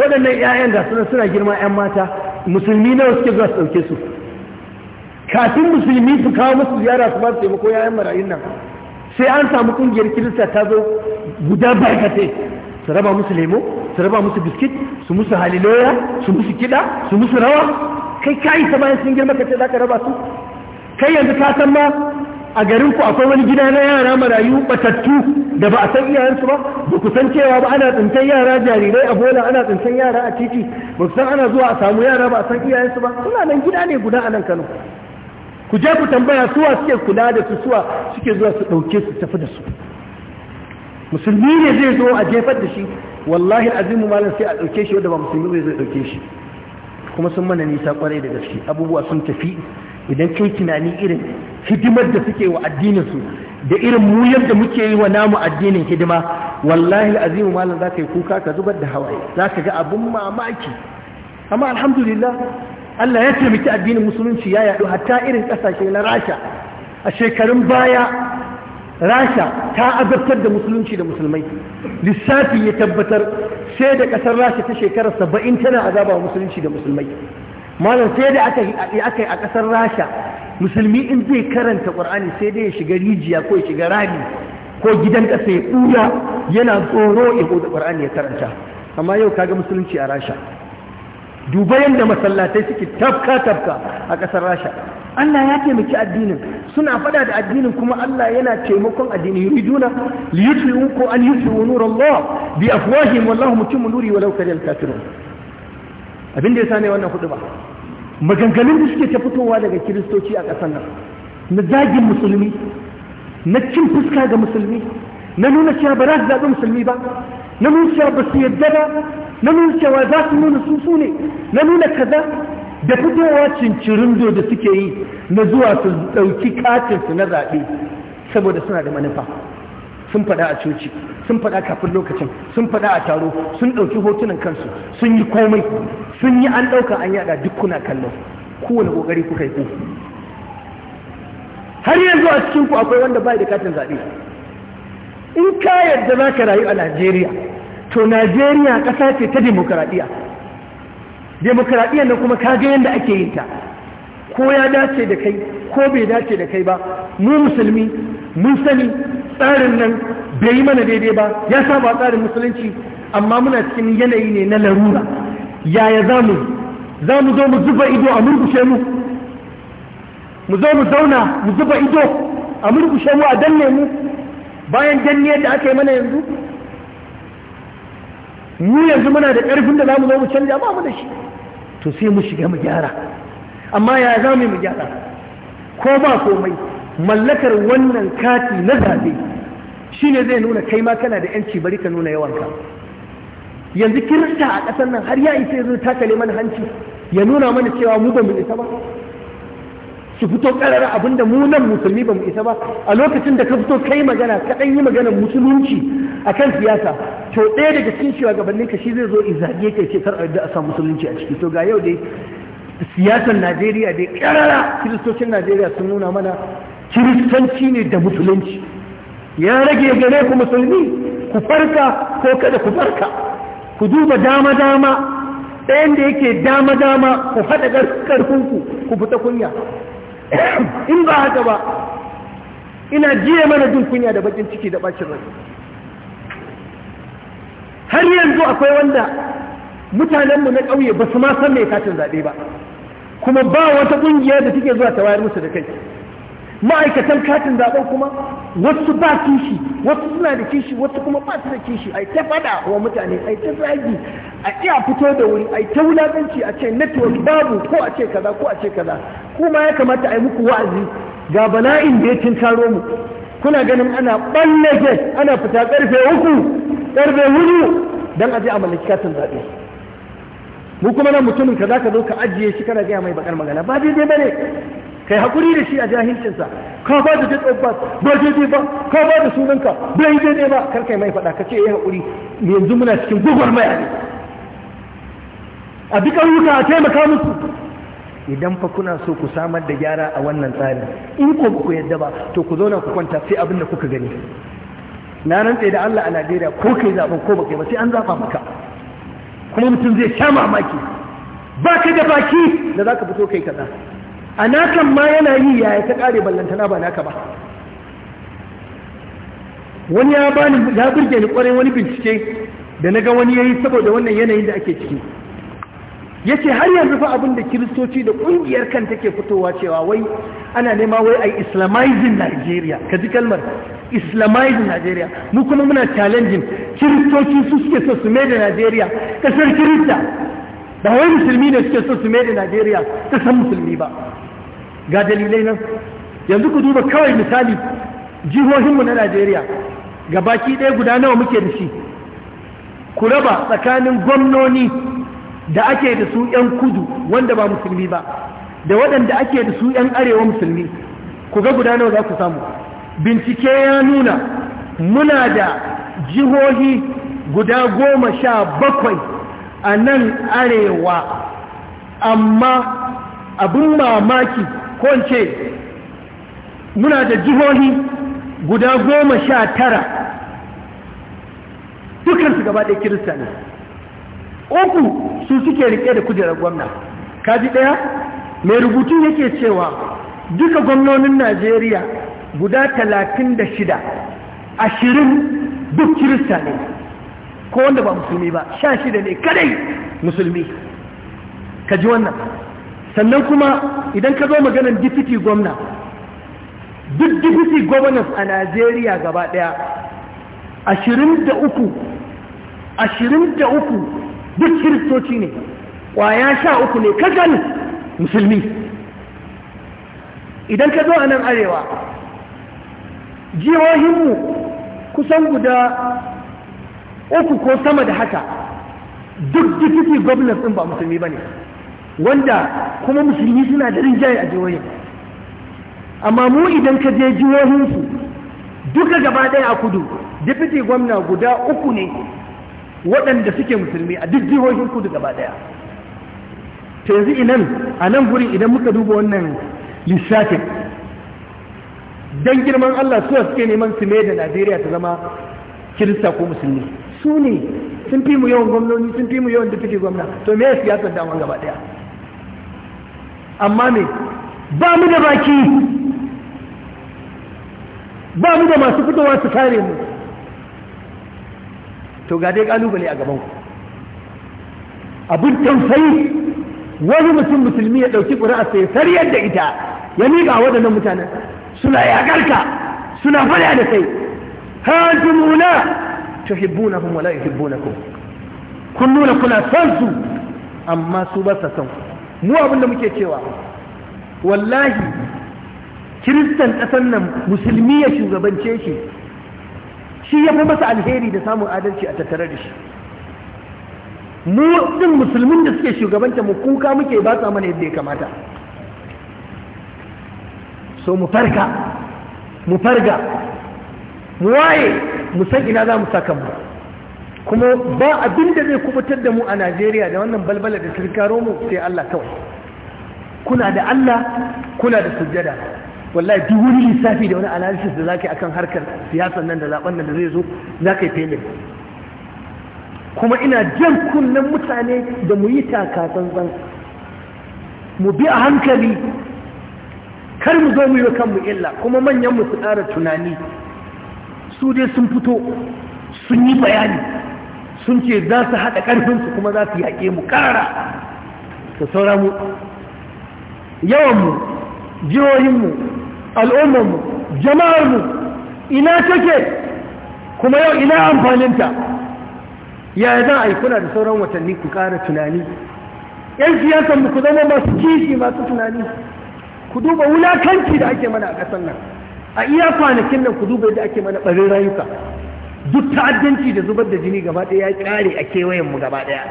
waɗannan 'ya'yan da suna suna girma 'yan mata musulmi nawa suke zuwa su ɗauke su kafin musulmi su kawo musu ziyara su ba su taimako 'ya'yan marayun nan sai an samu ƙungiyar kirista ta zo guda barkatai su raba musu lemo su raba musu biskit su musu haliloya su musu kiɗa su musu rawa kai ka yi ta bayan sun girma ka ce za ka raba su kai yanzu ka san ma a garin ku akwai wani gida na yara marayu batattu da ba a san iyayensu ba ba ku san cewa ba ana tsintan yara jarirai a bola ana tsintan yara a titi ba ku san ana zuwa a samu yara ba a san iyayensu ba suna nan gida ne guda a nan Kano ku je ku tambaya suwa suke kula da su suwa suke zuwa su ɗauke su tafi da su musulmi ne zai zo a jefar da shi wallahi azimu malam sai a ɗauke shi wanda ba musulmi zai ɗauke shi kuma sun mana nisa kwarai da gaske abubuwa sun tafi idan kai tunani irin hidimar da suke wa addinin su da irin mu yadda muke yi wa namu addinin hidima wallahi azimu malam za ka yi kuka ka zubar da hawaye za ka ga abin mamaki amma alhamdulillah Allah ya taimaki addinin musulunci ya yaɗu hatta irin ƙasashe na rasha a shekarun baya rasha ta azabtar da musulunci da musulmai lissafi ya tabbatar sai da ƙasar rasha ta shekarar saba'in tana azaba musulunci da musulmai malam sai da aka yi a ƙasar rasha musulmi in zai karanta ƙwar'ani sai dai ya shiga rijiya ko ya shiga rami ko gidan ƙasa ya ɓuya yana tsoro ya buɗe ƙwar'ani ya karanta amma yau kaga musulunci a rasha duba yadda masallatai suke tafka tafka a ƙasar rasha Allah ya taimaki addinin suna faɗa da addinin kuma Allah yana taimakon addini yuriduna li yutfi'u ko an yutfi'u nurallah bi afwahihim wallahu mutimmu nuri walau kariyal kafirun abin da ya same wannan hudu ba maganganun da suke ta fitowa daga kiristoci a ƙasar nan na zagin musulmi na cin fuska ga musulmi na nuna cewa ba za su zaɓi musulmi ba na nuna cewa ba su yadda ba na nuna cewa za su nuna su su ne na nuna kaza da fitowa cincirindo da suke yi na zuwa su ɗauki katinsu na zaɓe saboda suna da manufa sun faɗa a coci sun faɗa kafin lokacin sun faɗa a taro sun ɗauki hotunan kansu sun yi komai sun yi an ɗauka an yada duk kuna kallo kowane ƙoƙari kuka yi ku har yanzu a cikin ku akwai wanda bai da katin zaɓe in ka yarda za ka rayu a najeriya to najeriya ƙasa ce ta demokaraɗiyya demokaraɗiyyar nan kuma kaga yadda ake yin ta ko ya dace da kai ko bai dace da kai ba mu musulmi mun sani tsarin nan bai yi mana daidai ba ya saba tsarin musulunci amma muna cikin yanayi ne na larura yaya za mu za mu zo mu zuba ido a murkushe mu mu zo mu zauna mu zuba ido a murkushe mu a danne mu bayan danne da aka yi mana yanzu mu yanzu muna da ƙarfin da za mu zo mu canja ba mu da shi to sai mu shiga mu gyara amma yaya za mu yi mu gyara ko ba komai mallakar wannan kati na zaɓe shi ne zai nuna kai ma kana da yanci bari ka nuna yawanka yanzu kirista a ƙasar nan har ya isa zai takale mana hanci ya nuna mana cewa mu ba mu isa ba su fito ƙarara abinda mu nan musulmi ba mu isa ba a lokacin da ka fito kai magana ka ɗan yi magana musulunci a kan siyasa to ɗaya daga cikin shugabannin ka shi zai zo izage ka ce kar a sa musulunci a ciki to ga yau dai siyasar najeriya dai ƙarara kiristocin najeriya sun nuna mana kiristanci ne da musulunci ya rage gare ku musulmi ku farka ko kada ku farka ku duba dama-dama ɗayan da yake dama-dama ku haɗa ƙarfinku ku fita kunya in ba haka ba ina jiya mana jin kunya da bakin ciki da bacin rai har yanzu akwai wanda mutanenmu na ƙauye ba su ma san mai katin zaɓe ba kuma ba wata ƙungiyar da take zuwa ta wayar musu da kai ma'aikatan katin zaɓen kuma wasu ba kishi wasu suna da kishi wasu kuma ba su da kishi ai ta fada wa mutane ai ta zagi a iya fito da wuri ai ta wulaƙanci a ce network babu ko a ce kaza ko a ce kaza kuma ya kamata a yi muku wa'azi ga bala'in da ya tinkaro mu kuna ganin ana ɓallake ana fita karfe uku ƙarfe hudu don a je a mallaki katin zaɓe mu kuma nan mutumin ka za ka zo ka ajiye shi kana gaya mai bakar magana ba daidai ba ne kai hakuri da shi a jahilcinsa ka ba da jet of ba daidai ba ka ba da sunanka ba yi daidai ba kar mai faɗa ka ce ya hakuri yanzu muna cikin gwagwarmaya ne a duk ayyuka a taimaka musu idan fa kuna so ku samar da gyara a wannan tsarin in ko ku yadda ba to ku zauna ku kwanta sai abin da kuka gani na rantse da Allah a Najeriya ko kai zaɓen ko ba kai ba sai an zaɓa maka kuma mutum zai sha mamaki ba ka da baki da za ka fito kai kaza a nakan ma yana yi yaya ta kare ballantana ba naka ba wani ya bani ya burge ni kwarai wani bincike da na ga wani yayi saboda wannan yanayin da ake ciki yace har yanzu fa abin da kiristoci da ƙungiyar kan take fitowa cewa wai ana nema wai ai islamizing Nigeria ka ji kalmar islamizing Nigeria mu kuma muna challenging kiristoci su suke so su mai da Nigeria ƙasar kirista ba wai musulmi ne suke so su mai da Najeriya ta san musulmi ba ga dalilai nan yanzu ku duba kawai misali jihohinmu na Najeriya ga baki ɗaya guda nawa muke da shi ku raba tsakanin gwamnoni da ake da su 'yan kudu wanda ba musulmi ba da waɗanda ake da su 'yan arewa musulmi ku ga guda nawa za ku samu bincike ya nuna muna da jihohi guda goma sha bakwai a nan arewa amma abin mamaki ko ce muna da jihohi guda goma sha tara dukansu gaba ɗaya kirista ne uku su suke rike da kujerar gwamna kaji ɗaya mai rubutu yake cewa duka gwamnonin najeriya guda talatin da shida ashirin duk kirista ne ko wanda ba musulmi ba sha shida ne kadai musulmi ka ji wannan sannan kuma idan ka zo maganar dipiti gwamna duk dipiti gwamnas a najeriya gaba daya ashirin da uku ashirin da uku duk kiristoci ne kwaya sha uku ne kakan musulmi idan ka zo a nan arewa jihohinmu kusan guda uku ko sama da haka duk dikiti gwamnan ɗin ba musulmi ba ne wanda kuma musulmi suna da rinjaye a jihohin amma mu idan ka je jihohinsu duka gaba ɗaya a kudu dikiti gwamna guda uku ne waɗanda suke musulmi a duk jihohin kudu gaba ɗaya ta yanzu inan a nan gurin idan muka duba wannan lissafin don girman Allah suwa suke neman su da Najeriya ta zama kirista ko musulmi su ne sun fi mu yawan gwamnoni sun fi mu yawan da dufiti gwamna to me ya siyasar daman gaba daya amma me ba mu da baki ba mu da masu fitowa su kare mu to ga dai kalubale a gaban ku abin tausayi wani mutum musulmi ya ɗauki ƙuri'a sai sariyar da ita ya miƙa waɗannan mutanen suna yaƙarka suna faɗa da kai hajjumuna tuhibbunahum wala yuhibbunakum kun nuna kuna son su amma su ba sa son mu abin da muke cewa wallahi kiristan ƙasar nan musulmi ya shugabance shi shi ya fi masa alheri da samun adalci a tattare da shi mu din musulmin da suke shugabanta mu kuka muke ba sa mana yadda ya kamata so mu farka mu farga mu waye mu san ina za mu sa kanmu kuma ba abin da zai kubutar da mu a Najeriya da wannan balbala da turkaro mu sai Allah kawai kuna da Allah kuna da sujjada wallahi duk wani lissafi da wani analysis da zaka akan harkar siyasar nan da zaben nan da zai zo zaka yi payment kuma ina jan kunnen mutane da mu yi tsantsan, mu bi a hankali kar mu zo mu yi kanmu illa kuma manyan mu su tsara tunani su dai sun fito sun yi bayani sun ce za su haɗa ƙarfinsu kuma za su yaƙe mu ƙarara ta saura mu yawanmu jihohinmu al'ummanmu jama'armu ina take kuma yau ina amfaninta yaya za a yi kuna da sauran watanni ku ƙara tunani ‘yan mu ku zama masu kishi masu tunani ku duba wulakanci da ake mana a ƙasar nan a iya kwanakin nan ku duba yadda ake mana barin rayuka duk ta'addanci da zubar da jini gaba ɗaya ya ƙare a kewayenmu gaba ɗaya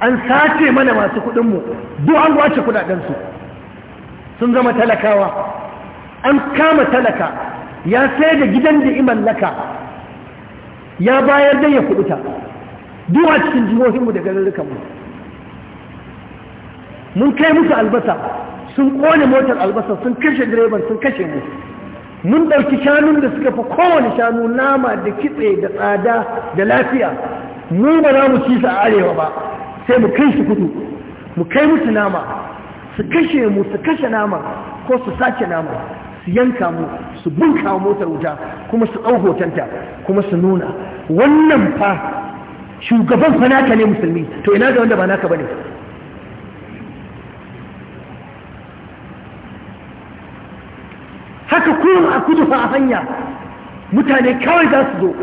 an sace mana masu kuɗin mu duk an wace kuɗaɗen su sun zama talakawa an kama talaka ya sayar da gidan da iman laka ya bayar da ya kuɗuta duk a cikin jihohinmu da garurrukanmu mun kai musu albasa sun kone motar albasa sun kashe direban sun kashe mu mun ɗauki shanun da suka fi kowane shanu nama da kitse da tsada da lafiya mu ba za mu ci su a arewa ba sai mu kai su kudu mu kai musu nama su kashe mu su kashe nama ko su sace nama su yanka mu su bunka motar wuta kuma su ɗau hotonta kuma su nuna wannan fa shugaban fa naka ne musulmi to ina ga wanda ba naka bane haka kurun a kudu fa a hanya mutane kawai za su zo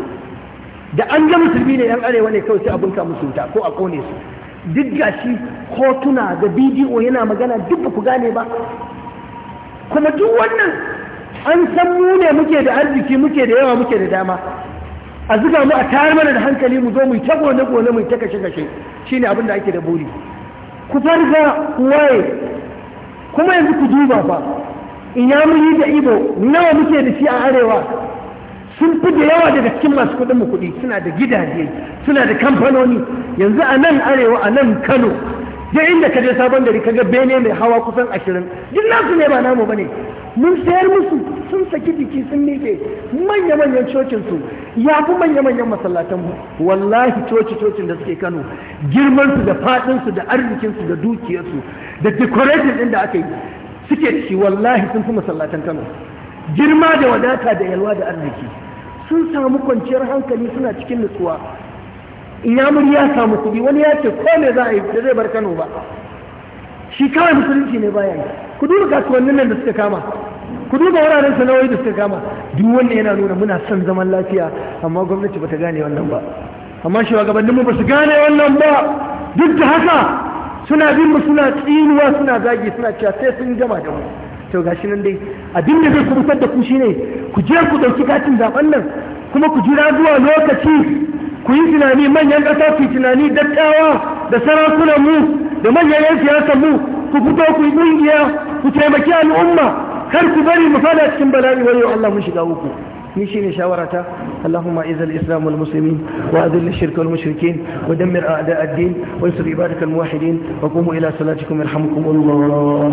da an ga musulmi ne yan arewa ne kawai sai abin ka musu wuta ko a kone su duk gashi hotuna da bidiyo yana magana duk ba ku gane ba kuma duk wannan an san mu ne muke da arziki muke da yawa muke da dama a zuba mu a tayar mana da hankali mu zo mu ta gona gona mu ta kashe kashe shine abin da ake da buri ku farga waye kuma yanzu ku duba fa inyamuri da ibo nawa muke da shi a arewa sun fi da yawa daga cikin masu kuɗin mu kuɗi suna da gidaje suna da kamfanoni yanzu a nan arewa a nan kano je inda ka je sabon gari kaga bene mai hawa kusan ashirin duk nasu ne ba namu bane mun sayar musu sun saki jiki sun miƙe manya-manyan cocin su ya fi manya-manyan masallatan mu wallahi coci cocin da suke kano girman su da fadin su da arzikin su da dukiyar su da decorating din da aka yi suke ci wallahi sun fi masallatan kano girma da wadata da yalwa da arziki sun samu kwanciyar hankali suna cikin nutsuwa inyamur ya samu kudi wani ya ce ko me za a yi da zai bar kano ba shi kawai musulunci ne baya yi ku duba kasuwannin nan da suka kama ku duba wuraren sana'o'i da suka kama duk wanda yana nuna muna son zaman lafiya amma gwamnati bata gane wannan ba amma mu ba su gane wannan ba duk da haka suna bin mu suna tsinuwa suna zagi suna cewa sai sun gama da mu to gashi nan dai abin da zai kubutar da ku shine ku je ku dauki katin zaben nan kuma ku jira zuwa lokaci ku yi tunani manyan ƙasa ku yi tunani dattawa da sarakunan mu da manyan yan siyasar mu ku fito ku yi ƙungiya ku taimaki al'umma kar ku bari mu fada cikin bala'i wani Allah mun shiga uku ni ne shawarata Allahumma izal islam wal muslimin wa adil ash-shirk wal mushrikin wa dammir a'da ad-din wa ansur ibadak al muwahhidin wa qumu ila salatikum yarhamukum Allah